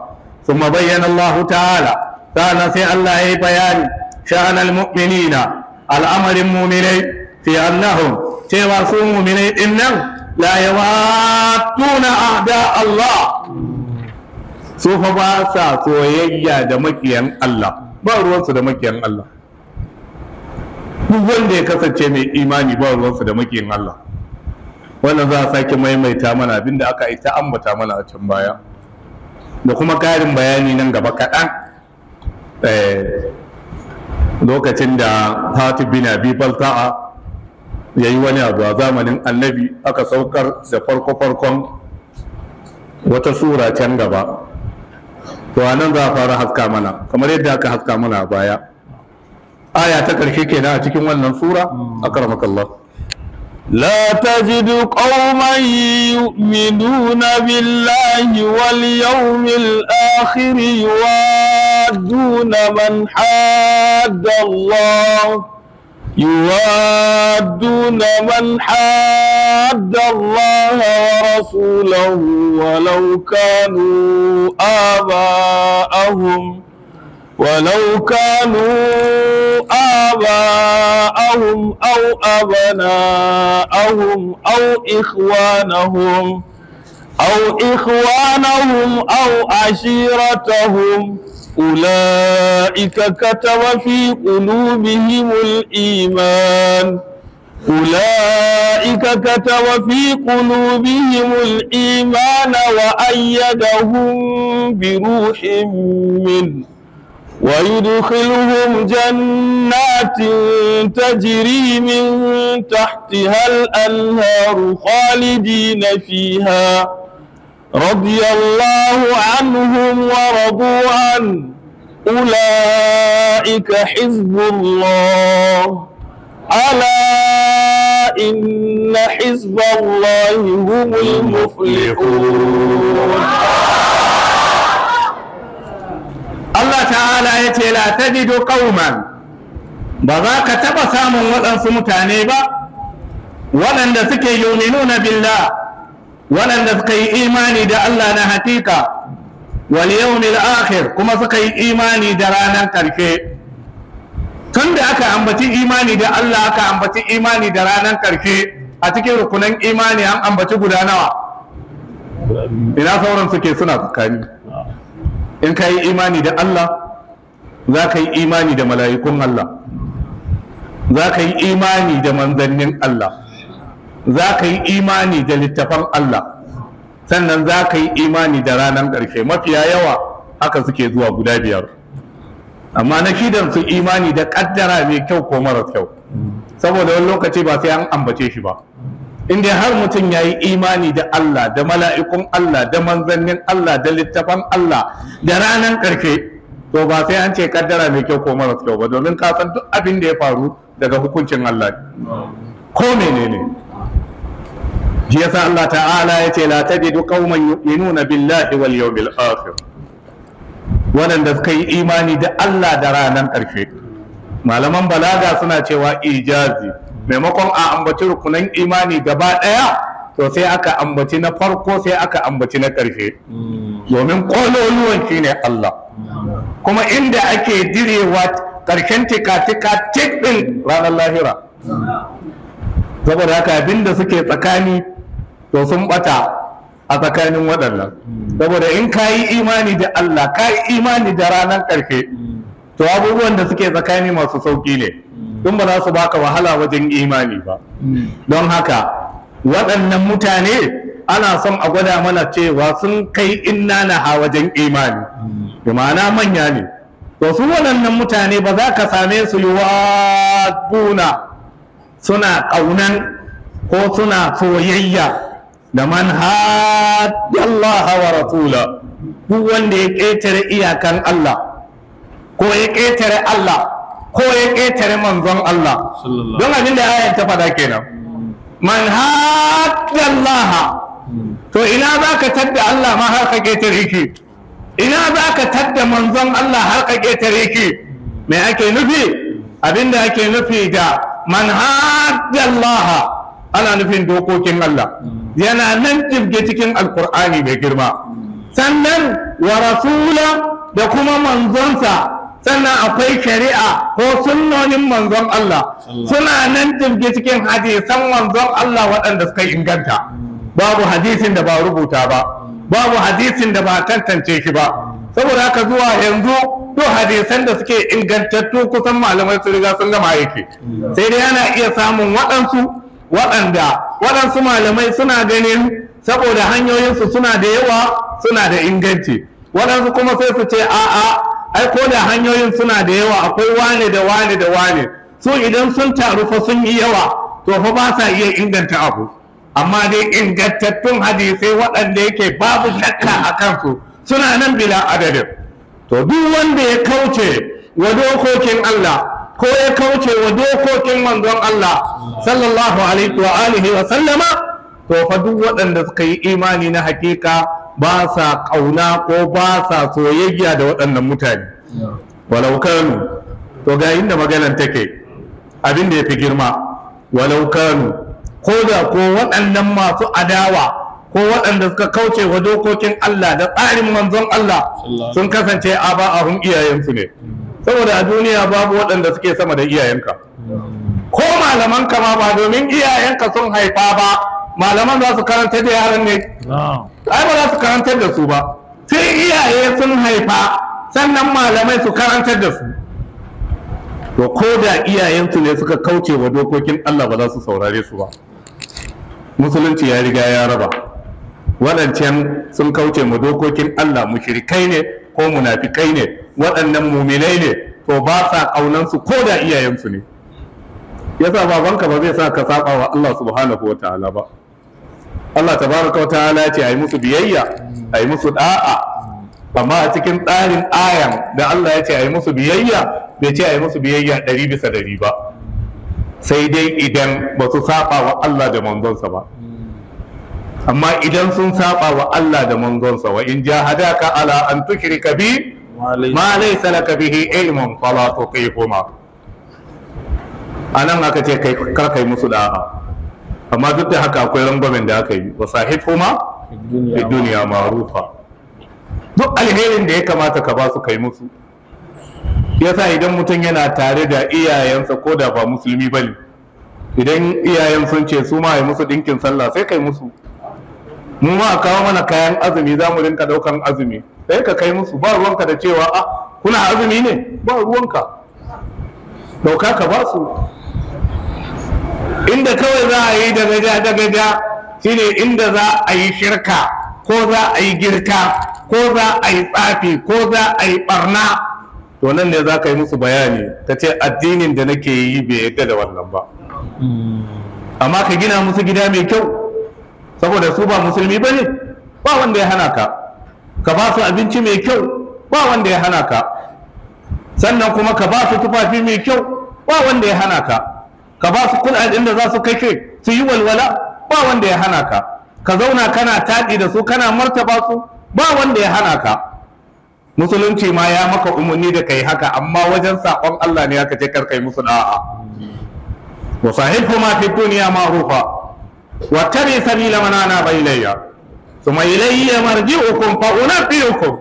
sun ma bayyana Allah ta'ala sa'annan sai Allah ya yi bayani sha'anal mu'minina al'amarin muminai fi annahum cewa su muminai din nan la yawattuna ahda Allah su fa ba sa soyayya da makiyan Allah ba ruwansu da makiyan Allah duk wanda ya kasance mai imani ba ruwansu da makiyan Allah wannan za a sake maimaita mana abinda aka yi ta ambata mana a can baya da kuma karin bayani nan gaba kaɗan eh, lokacin da hatu bin abi balta'a ya yi wani abu a zamanin annabi aka saukar da farko-farkon wata sura can gaba to a nan za a fara haska mana kamar yadda aka haska mana a baya aya ta ƙarshe kenan a cikin wannan sura akramaka Allah لا تجد قوما يؤمنون بالله واليوم الآخر يوادون من حاد الله يوادون من حاد الله ورسوله ولو كانوا آباءهم ولو كانوا آباءهم أو أبناءهم أو إخوانهم أو إخوانهم أو عشيرتهم أولئك كتب في قلوبهم الإيمان أولئك كتب في قلوبهم الإيمان وأيدهم بروح منه ويدخلهم جنات تجري من تحتها الأنهار خالدين فيها رضي الله عنهم ورضوا عنه أولئك حزب الله ألا إن حزب الله هم المفلحون الله تعالى يتي لا تجد قوما بذاك تبسام وأنس متانيبا ولن تسكي يؤمنون بالله ولن تسكي إيماني دا الله نهتيكا Wani wal yawmil akhir kuma suka yi imani da ranar karfe? tun da aka ambaci imani da Allah aka ambaci imani da ranar karfe, a cikin rukunan imani an ambaci guda nawa ina sauran suke suna tsakani in ka yi imani da Allah za ka yi imani da mala'ikun Allah za ka yi imani da manzannin Allah za ka yi imani da littafan Allah sannan za ka yi imani da ranar ƙarshe mafiya yawa haka suke zuwa guda biyar amma na shidan su imani da ƙaddara mai kyau ko maras kyau saboda wani lokaci ba sai an ambace shi ba Inda har mutum ya yi imani da Allah da mala'ikun Allah da manzannin Allah da littafan Allah da ranar ƙarshe to ba sai an ce ƙaddara mai kyau ko maras kyau ba domin kasan duk abin da ya faru daga hukuncin Allah ko menene shi yasa Allah ta'ala ya ce la tajidu qauman yu'minuna billahi wal yawmil akhir waɗanda suka yi imani da Allah da ranar karshe malaman balaga suna cewa ijazi maimakon a ambaci rukunan imani gaba ɗaya to sai aka ambaci na farko sai aka ambaci na karshe domin kololuwan shine ne Allah kuma inda ake direwa karshen tika-tika tik ɗin ranar lahira saboda haka abinda suke tsakani to sun bata a tsakanin waɗannan saboda in ka yi imani da Allah ka yi imani da ranar ƙarfe, to abubuwan da suke tsakani masu sauƙi ne tun ba za su baka wahala wajen imani ba don haka waɗannan mutane ana son a gwada mana cewa sun kai inna na wajen imani da ma'ana manya ne to su waɗannan mutane ba za ka same su yi suna ƙaunan ko suna soyayya da man haddallaha wa rasula duk wanda ya ƙetare iyakan Allah ko ya ƙetare Allah ko ya ƙetare manzon Allah don abin da ayan ta faɗa kenan man haddallaha to ina za ka tadda Allah ma har ka ƙetare ki ina za ka tadda manzon Allah har ka ƙetare ki me ake nufi abinda ake nufi da man haddallaha ana nufin dokokin Allah yana nan jibge cikin alkur'ani mai girma sannan wa rasula da kuma manzonsa sannan akwai shari'a ko sunnonin manzon Allah suna nan jirgi cikin hadisan manzon Allah waɗanda suka inganta babu hadisin da ba rubuta ba babu hadisin da ba tantance shi ba saboda haka zuwa yanzu to hadisan da suke ingantattu kusan malamai su riga sun gama yake sai dai ana iya samun waɗansu waɗanda waɗansu malamai suna ganin saboda hanyoyinsu suna da yawa suna da inganci waɗansu kuma sai su ce a'a ai ko da hanyoyin suna da yawa akwai wane da wane da wane su idan sun taru fa sun yi yawa to fa ba sa iya inganta abu amma dai ingantattun hadisai waɗanda yake babu shakka a kansu suna nan bila adadin to duk wanda ya kauce wa dokokin Allah ko ya kauce wa dokokin manzon Allah sallallahu alaihi wa alihi wa sallama to fa duk waɗanda suka yi imani na hakika ba sa kauna ko ba sa soyayya da waɗannan mutane walau kanu to ga inda maganar take abin da ya fi girma walau kanu ko da ko waɗannan masu adawa ko waɗanda suka kauce wa dokokin Allah da tsarin manzon Allah sun kasance a ba'ahun iyayensu ne. saboda a duniya babu waɗanda suke sama da iyayenka ko malaman ka ma ba domin iyayenka sun haifa ba malaman za su karanta da yaran ne ai ba za su karantar da su ba sai iyaye sun haifa sannan malamai su karantar da su to ko da iyayensu ne suka kauce wa dokokin Allah ba za su saurare su ba musulunci ya riga ya raba waɗancan sun kauce wa dokokin Allah mushrikai ne ko munafikai ne waɗannan muminai ne to ba sa ƙaunansu ko da iyayensu ne yasa babanka ba zai sa ka saba wa Allah subhanahu wa ta'ala ba Allah tabaraka wa ta'ala ce ai musu biyayya ai musu da'a amma a cikin tsarin ayan da Allah ya ce yi musu biyayya bai ce ai musu biyayya ɗari bisa ɗari ba sai dai idan ba su saba wa Allah da manzonsa ba amma idan sun saba wa Allah da manzonsa wa in hadaka ala an tushrika bi ma laysa laka bihi ilmun fala tuqihuma anan aka ce kai kar kai musu da'a amma duk da haka akwai rangwamen da aka yi wa sahifuma fi duniya ma'rufa duk alherin da ya kamata ka ba su kai musu yasa idan mutum yana tare da iyayensa ko da ba musulmi bane idan iyayen sun ce su ma yi musu dinkin sallah sai kai musu mu ma a kawo mana kayan azumi za mu rinka daukan azumi sai ka kai musu ba ruwanka da cewa a ah, kuna azumi ne ba ruwanka dauka ka ba su inda kawai za a yi da gaja da gaja shine inda za a yi shirka ko za a yi girka ko za a yi tsafi ko za a yi barna to nan ne za ka yi musu bayani ta ce addinin da nake yi bai yadda da wannan ba hmm. amma ka gina musu gida mai kyau saboda su ba musulmi ba ne ba wanda ya hana ka ka ba su abinci mai kyau ba wanda ya hana ka sannan kuma ka ba su tufafi mai kyau ba wanda ya hana ka ka ba su kuɗaɗen da za su kashe su yi walwala ba wanda ya hana ka ka zauna kana taɗi da su kana martaba su ba wanda ya hana ka musulunci ma ya maka umarni da kai haka amma wajen saƙon Allah ne aka ce kar kai musu da'a wa sahibhu ma fi duniya rufa wattabi sabila man anaba ilayya thumma ilayya marji'ukum fa unabbi'ukum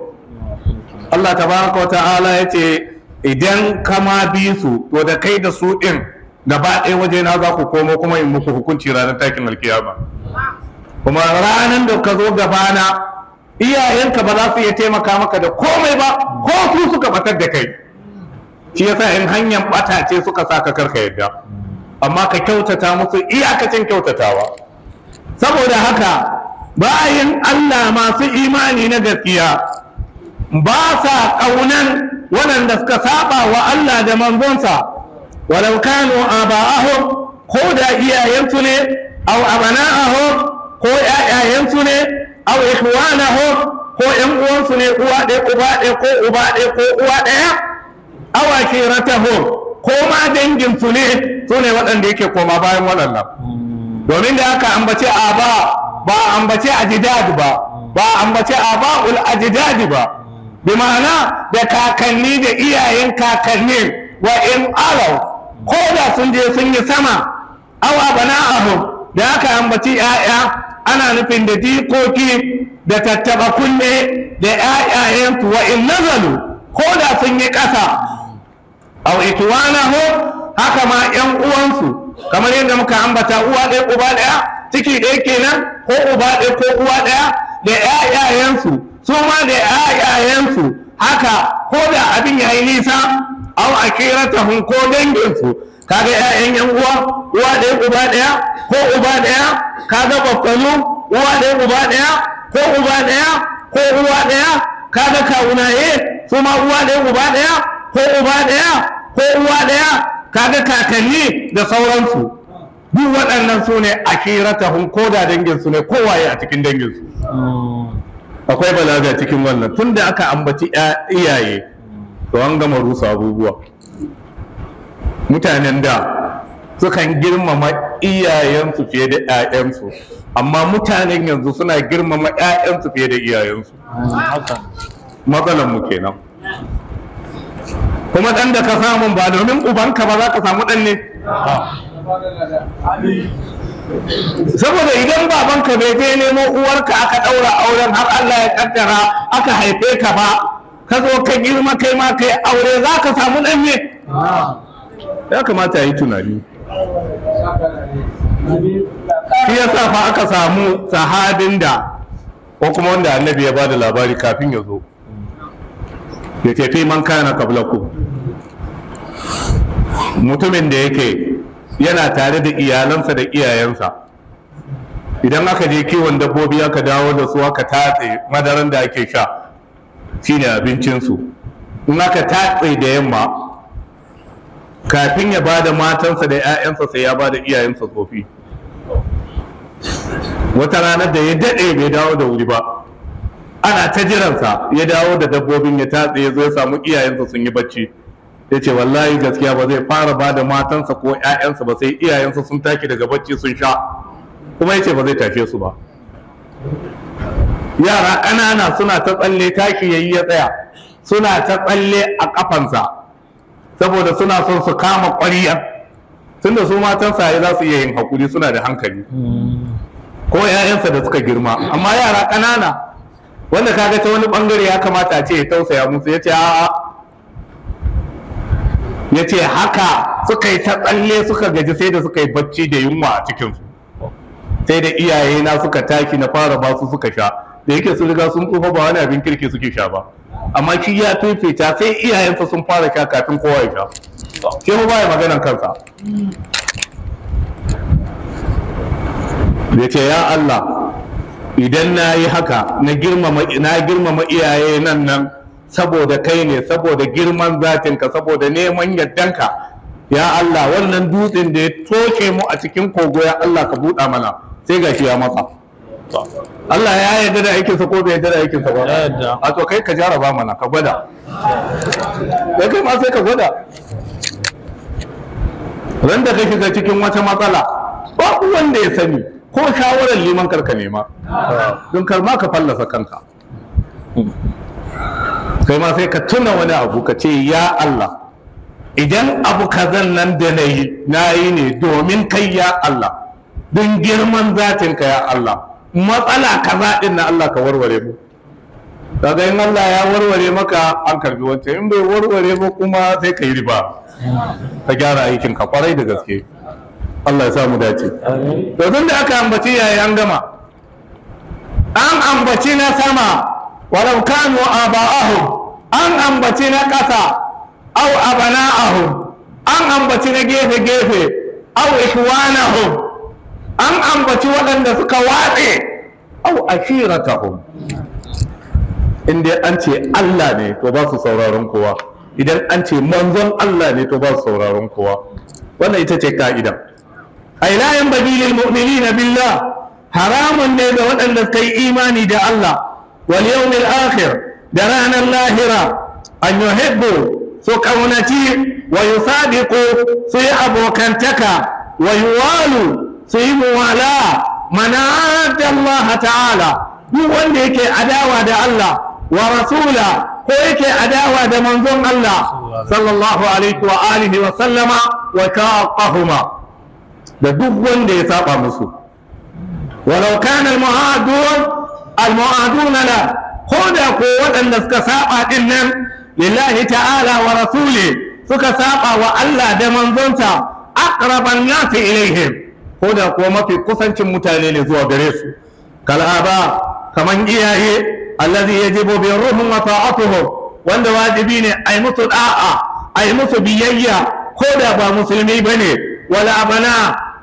Allah tabaraka ta'ala yace idan kama bi su to da kai da su din gaba ɗaya waje na za ku komo kuma in muku hukunci ranar takin alkiyama kuma ranar da ka zo na, iyayenka ba za su iya taimaka maka da komai ba ko su suka batar da kai shi yasa in hanyar bata ce suka sa ka karka yadda amma ka kyautata musu iyakacin kyautatawa saboda haka bayan Allah masu imani na gaskiya ba sa ƙaunan waɗanda suka saba wa Allah da manzonsa walau kanu aba'ahum ko da iyayensu ne aw abana'ahum ko ƴaƴayensu ne aw ikhwanahum ko ƴan uwansu ne uwa ɗaya uba ɗaya ko uba ɗaya ko uwa ɗaya aw akiratahum ko ma danginsu ne su ne waɗanda yake koma bayan waɗannan domin da aka ambace a ba ba ambace ajdad ba ba ambace ul ajdad ba bi ma'ana da kakanni da iyayen kakanni wa in alaw ko da sun je sun yi sama aw abana'ahum da aka ambaci 'ya'ya ana nufin da dikoki da tattaba kunne da ƴaƴayensu wa in nazalu ko da sun yi ƙasa aw itwanahum haka ma 'yan uwansu kamar yadda muka ambata uwa ɗaya uba ɗaya ciki ɗaya kenan ko uba ɗaya ko uwa ɗaya da ƴaƴayensu su ma da ƴaƴayensu haka ko da abin ya yi nisa aw hun ko danginsu kaga ƴaƴan yan uwa uwa ɗaya uba ɗaya ko uba ɗaya kaga bakkanu uwa ɗaya uba ɗaya ko uba ɗaya ko uwa ɗaya kaga kawunaye su ma uwa ɗaya uba ɗaya ko uba ɗaya ko uwa ɗaya kaga kakanni da sauransu duk waɗannan su ne akiratahum ko da danginsu ne kowaye a cikin danginsu akwai balaga cikin wannan tun da aka ambaci iyaye to an gama rusa abubuwa mutanen da sukan girmama iyayensu fiye da 'ya'yansu amma mutanen yanzu suna girmama 'ya'yansu fiye da iyayensu matsalan mu kenan kuma ɗan da ka samun ba domin ubanka ba za ka samu ɗan ne saboda idan babanka bai je nemo uwarka aka ɗaura auren har Allah ya kaddara aka haife ka ba ka zo ka girma kai ma kai aure za ka samu ɗan ne ya kamata yi tunani shi yasa fa aka samu sahabin da ko kuma wanda annabi ya bada labari kafin ya zo ya ce man kana kablakum mutumin da yake yana tare da iyalansa da iyayensa idan aka je kiwon dabbobi aka dawo da su aka tatse madaran da ake sha shine abincinsu in aka tatse da yamma kafin ya ba da matansa da 'ya'yansa sai ya ba da iyayensa tsofi wata ranar da ya daɗe bai dawo da wuri ba ana ta jiransa ya dawo da dabbobin ya tatse ya zo ya samu iyayensa sun yi bacci ya ce wallahi gaskiya ba zai fara ba da matansa ko 'ya'yansa ba sai iyayensa sun take daga bacci sun sha kuma ya ce ba zai tafe su ba yara ƙanana suna ta tsalle taki ya yi ya tsaya suna ta tsalle a ƙafansa saboda suna son su kama ƙwariya da su matan saye za su iya yin haƙuri, suna da hankali ko 'ya'yansa da suka girma amma yara ƙanana wanda kaga ta wani bangare ya kamata a ce ya tausaya musu ya ce a'a ya ce haka suka yi ta tsalle suka gaji sai da suka yi bacci da yunwa a cikinsu sai da iyaye na suka taki na fara ba su suka sha da yake sun riga sun tsufa ba wani abin kirki suke sha ba amma shi ya fifita sai iyayensa sun fara sha kafin kowa ya sha shi ba ya maganan kansa ya ce ya Allah idan na yi haka na girmama iyaye nan nan saboda kai ne saboda girman zatinka saboda neman yaddanka ya Allah wannan dutsen da ya toke mu a cikin kogo ya Allah ka buɗa mana sai gashi ya matsa Allah ya yarda da aikinsa ko bai yarda da aikinsa ba a to kai ka jaraba mana ka gwada da kai ma sai ka gwada ran da ka shiga cikin wata matsala babu wanda ya sani ko shawarar liman karka nema ah. don karma ka fallasa kanka kai ma sai ka tuna wani abu ka ce ya Allah idan abu kazan nan da na yi na yi ne domin kai ya Allah don girman zatin ka ya Allah matsala kaza din na Allah ka warware mu daga in Allah ya warware maka an karbi wancan in bai warware ba kuma sai ka yi riba ka gyara aikin ka kwarai da gaske Allah ya samu dace to tun da aka ambaci yayi an gama an ambaci na sama walau kanu aba'ahum an ambaci na ƙasa au abana'ahum an ambaci na gefe-gefe au ikhwanahum an ambaci waɗanda suka watse au ashiratahum in dai an ce Allah ne to ba su sauraron kowa idan an ce manzon Allah ne to ba su sauraron kowa wannan ita ce ka'ida ai la yanbaghi lil mu'minina billah haramun ne ga waɗanda suka yi imani da Allah wal yawmil akhir da ranar lahira an yuhibbu su kaunaci wa yusabiqu su yi abokantaka wa yuwalu su yi muwala manada Allah ta'ala duk wanda yake adawa da Allah wa rasula ko yake adawa da manzon Allah sallallahu alaihi wa alihi wa sallama wa taqahuma da duk wanda ya saba musu walau kana al al la ko da ko waɗanda suka saɓa din nan lillahi ta'ala wa rasuli suka saɓa wa Allah da manzonsa aqraban nasi ilaihim ko da ko mafi kusancin mutane ne zuwa gare su Kal kalaba kaman iyaye allazi yajibu bi ruhum wa ta'atuhu wanda wajibi ne ai musu da'a ai musu biyayya ko da ba musulmi bane wala abana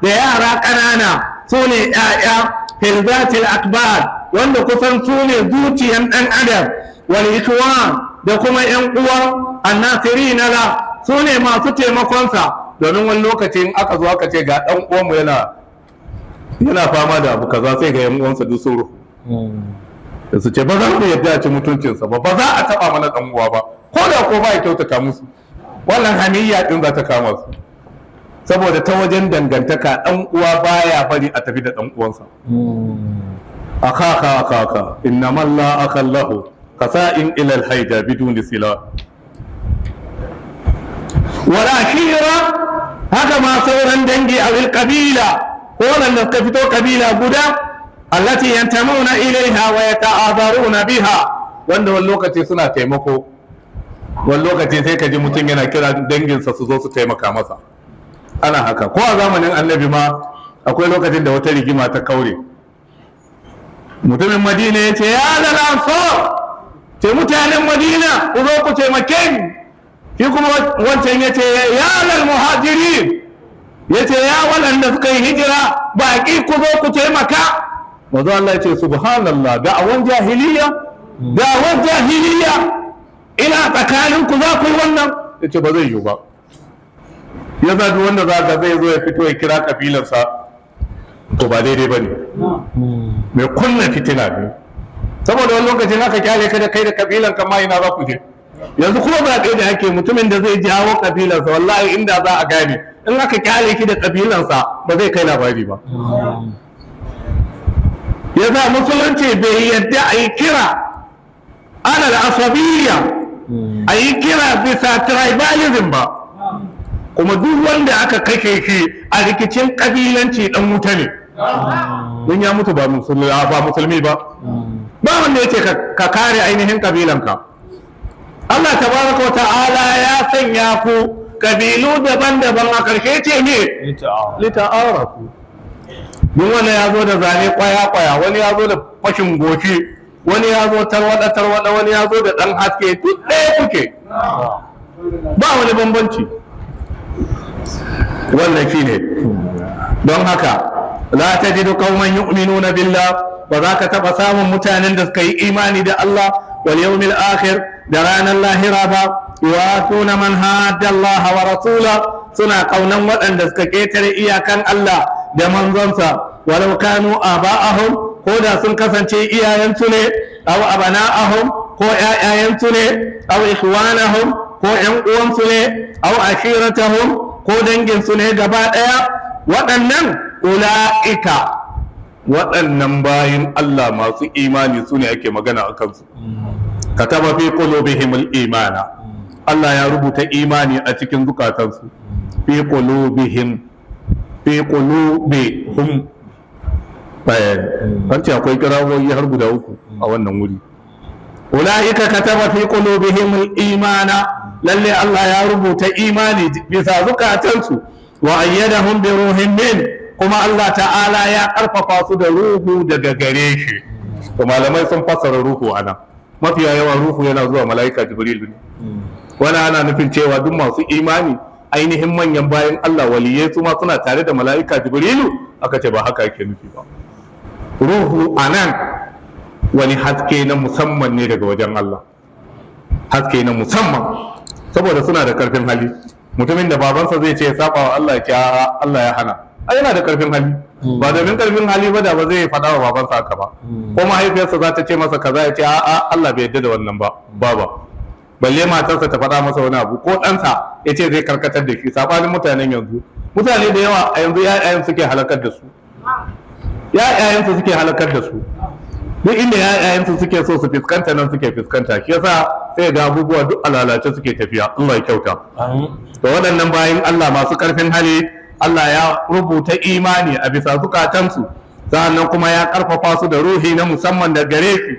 da yara ƙanana sune 'ya'ya hilzatil akbar wanda kusan su ne zuciyan ɗan adam wani ikuwa da kuma yan uwa na la su ne masu taimakonsa domin wani in aka zo aka ce ga ɗan uwanmu yana yana fama da abu kaza sai ga yan uwansa duk sun da su ce ba za mu yadda a ci mutuncinsa ba ba za a taɓa mana ɗan uwa ba ko da ko ba ya kyautata musu wannan haniyya ɗin za ta kama su saboda ta wajen dangantaka ɗan uwa baya bari a tafi da ɗan uwansa akaka akaka innama la akan lahu kasa'in ilal haida ni sila wala shira haka ma sauran dangi a kabila ko nan da suka fito kabila guda allati yantamuna ilaiha wa yata'azaruna biha wanda wani lokaci suna taimako wani lokaci sai ka ji mutum yana kira danginsa su zo su taimaka masa ana haka ko a zamanin annabi ma akwai lokacin da wata rigima ta kaure mutumin madina ya ce ya lalansar ce mutanen madina ku zo ku taimake ni shi kuma wancan ya ce ya lal muhajiri ya ce ya waɗanda suka yi hijira baƙi ku zo ku taimaka wanzu Allah ya ce subhanallah awon jahiliya awon jahiliya ina tsakanin ku za ku yi wannan ya ce ba zai yiwu ba ya zaɗi wanda za ka zai zo ya fito ya kira kabilarsa to ba daidai ba ne mai kunna fitina ne saboda wani lokacin aka kyale ka da kai da kabilan ka ma ina za ku je yanzu kuma ba zaɓe da ake mutumin da zai jawo kabilansa wallahi inda za a gane in aka kyale ki da kabilansa ba zai kai labari ba ya za musulunci bai yadda a yi kira da asabiyya a yi kira bisa tribalism ba kuma duk wanda aka kake shi a rikicin kabilanci dan wuta ne don ya mutu ba musulmi ba ba wanda ya ce ka kare ainihin kabilanka Allah tabaraka wa ta'ala ya sanya ku kabilu daban-daban a karshe ce ne lita'arafu yin wani ya zo da zane kwaya-kwaya wani ya zo da fashin goshi wani ya zo tarwada-tarwada wani ya zo da ɗan haske duk ɗaya kuke ba wani bambanci wannan shi ne don haka la tajidu qauman na billa ba za ka taɓa samun mutanen da suka yi imani da Allah wal yawmil akhir da ranar lahira ba wa tuna man hadda Allah wa rasula suna kaunan waɗanda suka ketare iyakan Allah da manzonsa walau kanu aba'ahum ko da sun kasance iyayen iyayensu ne aw abana'ahum ko ‘ya'yayensu ne, au ikhwanahum ko ‘yan uwansu ne, au ashiratahum ko danginsu ne gaba ɗaya, waɗannan ula'ika waɗannan bayan Allah masu imani su ne ake magana a kansu ka taba fi qulubihim imana Allah ya rubuta imani a cikin zukatansu fi qulubihim fi qulubihim ce akwai kirawoyi har guda uku a wannan wuri ulaika kataba fi qulubihim imana lalle Allah ya rubuta imani bisa zukatansu wa ayyadahum bi ruhin min kuma Allah ta'ala ya ƙarfafa su da ruhu daga gare shi to malamai sun fassara ruhu ana mafiya yawa ruhu yana zuwa mala'ika jibril ne wani ana nufin cewa duk masu imani ainihin manyan bayan Allah waliye su ma suna tare da mala'ika jibrilu aka ce ba haka yake nufi ba ruhu anan wani haske na musamman ne daga wajen Allah haske na musamman saboda suna da karfin hali mutumin da babansa zai ce ya saba wa Allah ya Allah ya hana A yana da karfin hali hmm. ba domin karfin hali ba da ba zai faɗa wa babansa haka ba hmm. ko mahaifiyarsa za ta ce masa kaza ya ce a'a Allah bai yarda da wannan ba baba balle matarsa ta faɗa masa wani abu ko ɗansa ya ce zai karkatar da shi sabanin mutanen yanzu mutane da yawa a yanzu ya'yayen suke halakar da su ya'yayen su suke halakar da su duk inda ya'yayen su suke so su fiskanta nan suke fiskanta shi yasa sai ga abubuwa duk alalace suke tafiya Allah ya kyauta to waɗannan bayan Allah masu karfin hali Allah ya rubuta imani a bisa zukatansu sannan kuma ya karfafa su da ruhi na musamman da gare su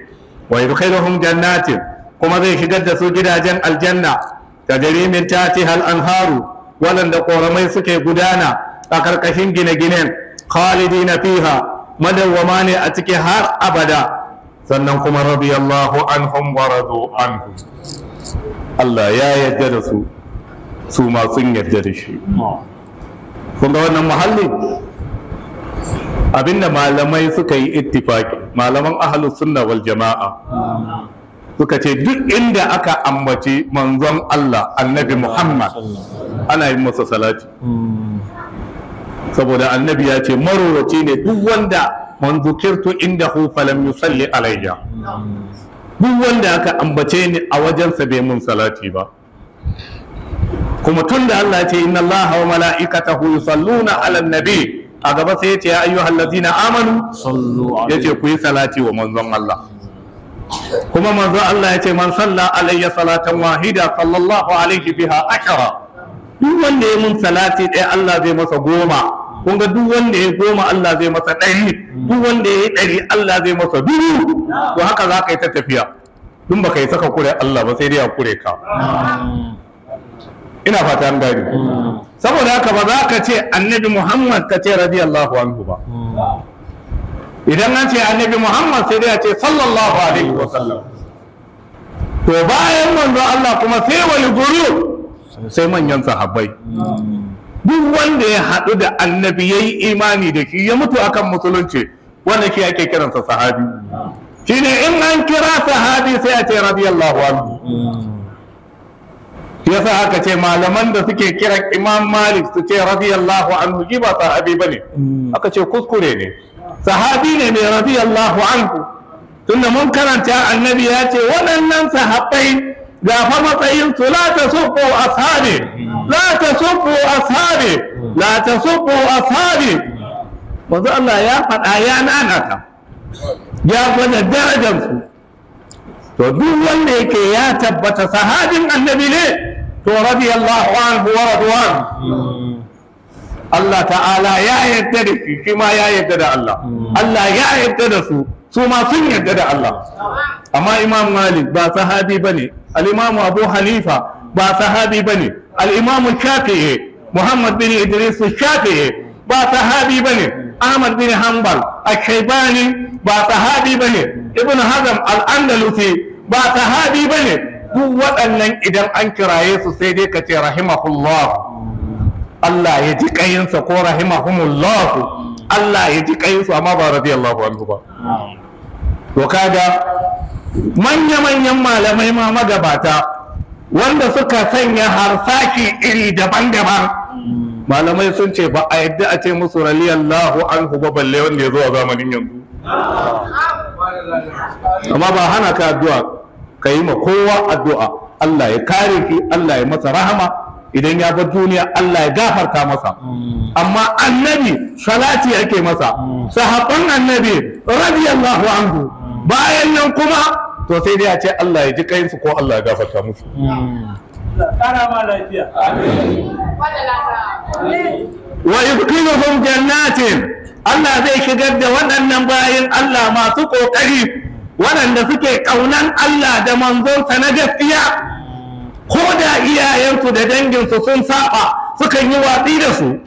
wa yadkhuluhum jannatin kuma zai shigar da su gidajen aljanna ta gari min tatiha al-anharu waɗanda koramai suke gudana a karkashin gine-ginen khalidina fiha madawwama ne a ciki har abada sannan kuma radiyallahu anhum wa radu anhum Allah ya yarda da su su ma sun yarda da shi kun ga wannan muhalli abinda malamai suka yi ittifaki malaman ahlus sunna wal jama'a suka ce duk inda aka ambaci manzon Allah annabi Muhammad ana yi masa salati saboda annabi ya ce maroraci ne duk wanda man zukirtu indahu falam yusalli alayya duk wanda aka ambace ni a wajensa bai mun salati ba kuma tun da Allah ce inna Allah wa mala'ikatahu yusalluna ala nabi a gaba sai yace ya ayyuhal na amanu sallu yace ku yi salati wa manzon Allah kuma manzon Allah yace man salla alayya salatan wahida sallallahu alaihi biha ashara duk wanda ya mun salati ɗaya Allah zai masa goma kun ga duk wanda ya goma Allah zai masa ɗari duk wanda ya yi ɗari Allah zai masa dubu to haka za ka yi ta tafiya dun baka yi saka kure Allah ba sai dai ya kure ka ina fata an gani saboda haka ba za ka ce annabi muhammad ka ce radiyallahu anhu ba idan an ce annabi muhammad sai dai a ce sallallahu alaihi wa sallam to bayan manzo Allah kuma sai wani guru sai manyan sahabbai duk wanda ya haɗu da annabi ya yi imani da shi ya mutu akan musulunci wanda ke ake kiransa sahabi shine in an kira sahabi sai a ce radiyallahu anhu yasa haka ce malaman da suke kiran imam malik su ce radiyallahu anhu shi ba sahabi ba ne hmm. aka ce kuskure ne sahabi ne mai radiyallahu anhu tunda mun karanta annabi ya ce waɗannan sahabbai ga fa matsayin su la tasubbu ashabi la tasubbu ashabi la tasubbu ashabi manzo Allah ya faɗa ya nana ta ya gwada darajar su to duk wanda yake ya tabbata sahabin annabi ne to radiyallahu anhu wa radwan Allah ta'ala ya yarda da shi shi ma ya yarda da Allah Allah ya yarda da su su ma sun yarda da Allah amma imam malik ba sahabi bane al-imam abu hanifa ba sahabi bane al-imam shafi'i muhammad bin idris shafi'i ba sahabi bane ahmad bin hanbal al-shaybani ba sahabi bane ibn hazm al-andalusi ba sahabi bane duk waɗannan idan an kiraye su sai dai ka ce rahimahullah Allah ya ji ƙayinsa ko rahimahumullah Allah ya ji ƙayinsu amma ba radiyallahu anhu ba to kaga manya-manyan malamai ma magabata wanda suka sanya harsashi iri daban-daban malamai sun ce ba a yadda a ce musu radiyallahu anhu ba balle wanda ya zo a zamanin yanzu amma ba hana ka addu'a ka yi ma kowa addu'a Allah ya kare ki Allah ya masa rahama idan ya bar duniya Allah ya gafarta masa mm. amma annabi salati ake masa mm. sahabban annabi radiyallahu anhu mm. bayan nan kuma to sai dai a ce Allah ya ji su, ko Allah ya gafarta musu wa yudkhiluhum jannatin Allah zai shigar da waɗannan bayan Allah masu ƙoƙari waɗanda suke ƙaunan Allah da manzonsa na gaskiya ko da iyayensu da danginsu sun saba sukan yi watsi da su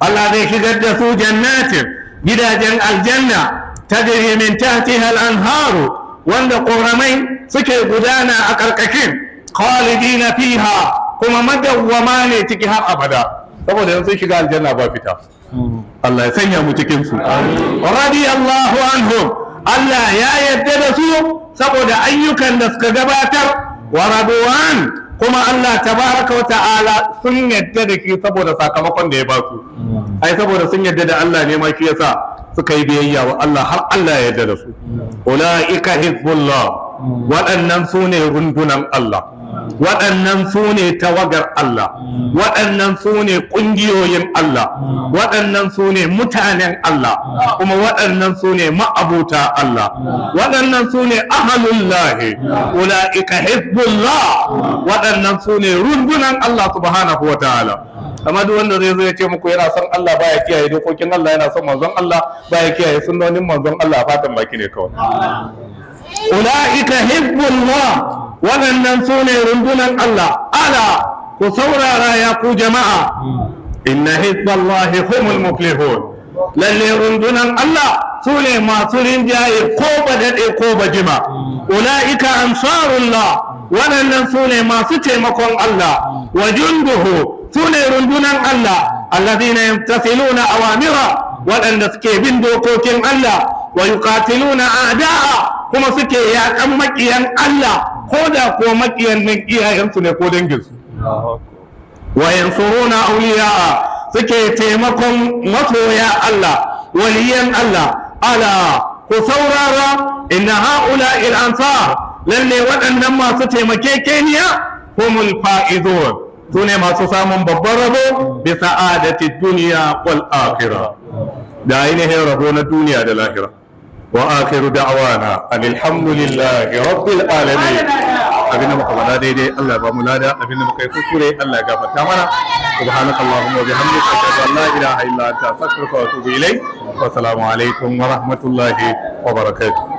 Allah zai shigar da su jannatin gidajen aljanna ta min tahtiha al-anharu wanda ƙoramai suke gudana a ƙarƙashin khalidina fiha kuma madawwama ne ciki har abada saboda yanzu shiga aljanna ba fita hmm. Allah ya sanya mu cikin su radiyallahu anhu. Allah ya yarda da su saboda ayyukan da suka gabatar wa raduwan kuma Allah tabaraka wa ta'ala sun yarda da ke saboda sakamakon da ya ba su ai saboda sun yadda da Allah ne ma shi yasa suka yi biyayya wa Allah har Allah ya yarda da su ulaika hizbullah waɗannan su ne rundunan Allah waɗannan su ne tawagar Allah waɗannan su ne ƙungiyoyin Allah waɗannan su ne mutanen Allah kuma waɗannan su ne ma'abuta Allah waɗannan su ne ahalullahi ula'ika hizbullah waɗannan su ne rundunan Allah subhanahu wa ta'ala amma duk wanda zai zo ya ce muku yana son Allah baya kiyaye dokokin Allah yana son manzon Allah baya kiyaye sunnonin manzon Allah fatan baki ne kawai ula'ika hibbullah waɗannan su ne rundunan Allah ala ku saurara ya ku jama'a inna hizballahi humul muflihun lalle rundunan Allah su ne masu rinjaye ko ba daɗe ko ba jima ula'ika ansarullah waɗannan su ne masu taimakon Allah wa junduhu su ne rundunan Allah allazina yamtasiluna awamira waɗanda suke bin dokokin Allah wa yuqatiluna a'da'a kuma suke yaƙan maƙiyan Allah ko da ko maƙiyan nan iyayensu ne ko danginsu wa yansuruna awliya'a suke taimakon masoya Allah waliyan Allah ala ku saurara inna haula il ansar lalle waɗannan masu taimakekeniya humul fa'izun su ne masu samun babban rabo bisa adati duniya wal akhirah da ainihin rabo na duniya da lahira وآخر دعوانا أن الحمد لله رب العالمين abinda muka bada daidai Allah ba mu lada abinda muka yi kuskure Allah ya gafarta mana subhanaka allahumma wa bihamdika ashhadu an la ilaha illa anta astaghfiruka wa atubu alaikum wa rahmatullahi wa barakatuh